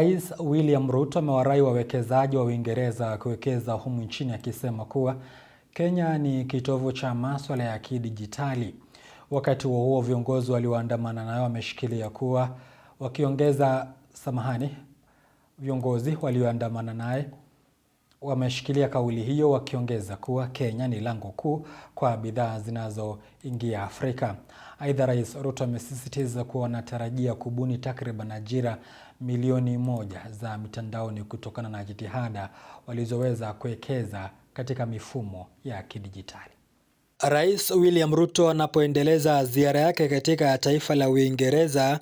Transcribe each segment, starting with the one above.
Rais William Ruto amewarai wawekezaji wa Uingereza kuwekeza humu nchini akisema kuwa Kenya ni kitovu cha masuala ya kidijitali. Wakati huo huo, viongozi walioandamana nayo wameshikilia kuwa wakiongeza samahani, viongozi walioandamana naye wameshikilia kauli hiyo wakiongeza kuwa Kenya ni lango kuu kwa bidhaa zinazoingia Afrika. Aidha, Rais Ruto amesisitiza kuwa wanatarajia kubuni takriban ajira milioni moja za mitandaoni kutokana na jitihada walizoweza kuwekeza katika mifumo ya kidijitali. Rais William Ruto anapoendeleza ziara yake katika taifa la Uingereza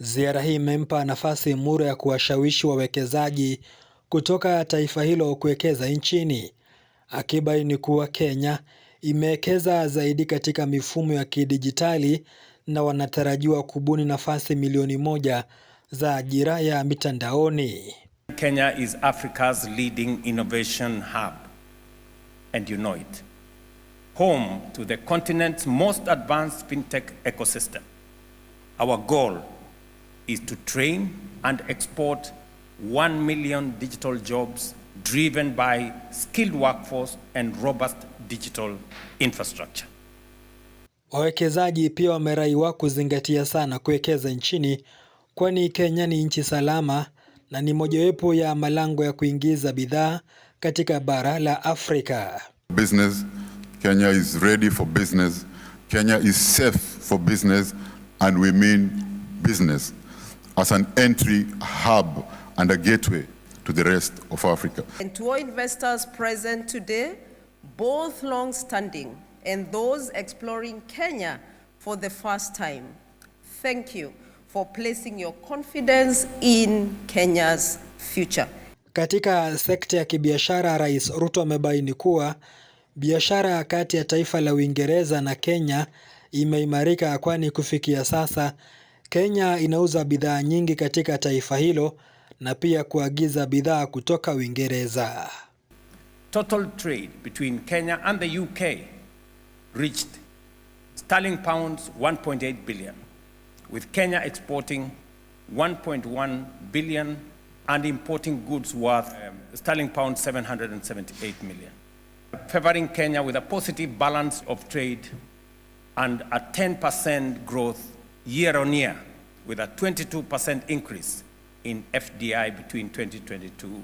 Ziara hii imempa nafasi Mura ya kuwashawishi wawekezaji kutoka taifa hilo kuwekeza nchini. Akibaini kuwa Kenya imewekeza zaidi katika mifumo ya kidijitali na wanatarajiwa kubuni nafasi milioni moja za ajira ya mitandaoni. Kenya is Africa's leading innovation hub and you know it. Home to the continent's most advanced fintech ecosystem. Our goal is to train and export 1 million digital jobs driven by skilled workforce and robust digital infrastructure. Wawekezaji pia wameraiwa kuzingatia sana kuwekeza nchini kwani Kenya ni nchi salama na ni mojawapo ya malango ya kuingiza bidhaa katika bara la Afrika. Business, Kenya is ready for business. Kenya is safe for business and we mean business as an entry hub and a gateway to the rest of Africa. And to all investors present today, both long-standing and those exploring Kenya for the first time, thank you for placing your confidence in Kenya's future. Katika sekta ya kibiashara, Rais Ruto amebaini kuwa biashara kati ya taifa la Uingereza na Kenya imeimarika kwani kufikia sasa Kenya inauza bidhaa nyingi katika taifa hilo na pia kuagiza bidhaa kutoka Uingereza. Total trade between Kenya and the UK reached sterling pounds 1.8 billion with Kenya exporting 1.1 billion and importing goods worth um, sterling pounds 778 million favoring Kenya with a positive balance of trade and a 10% growth year on year with a 22% increase in FDI between 2022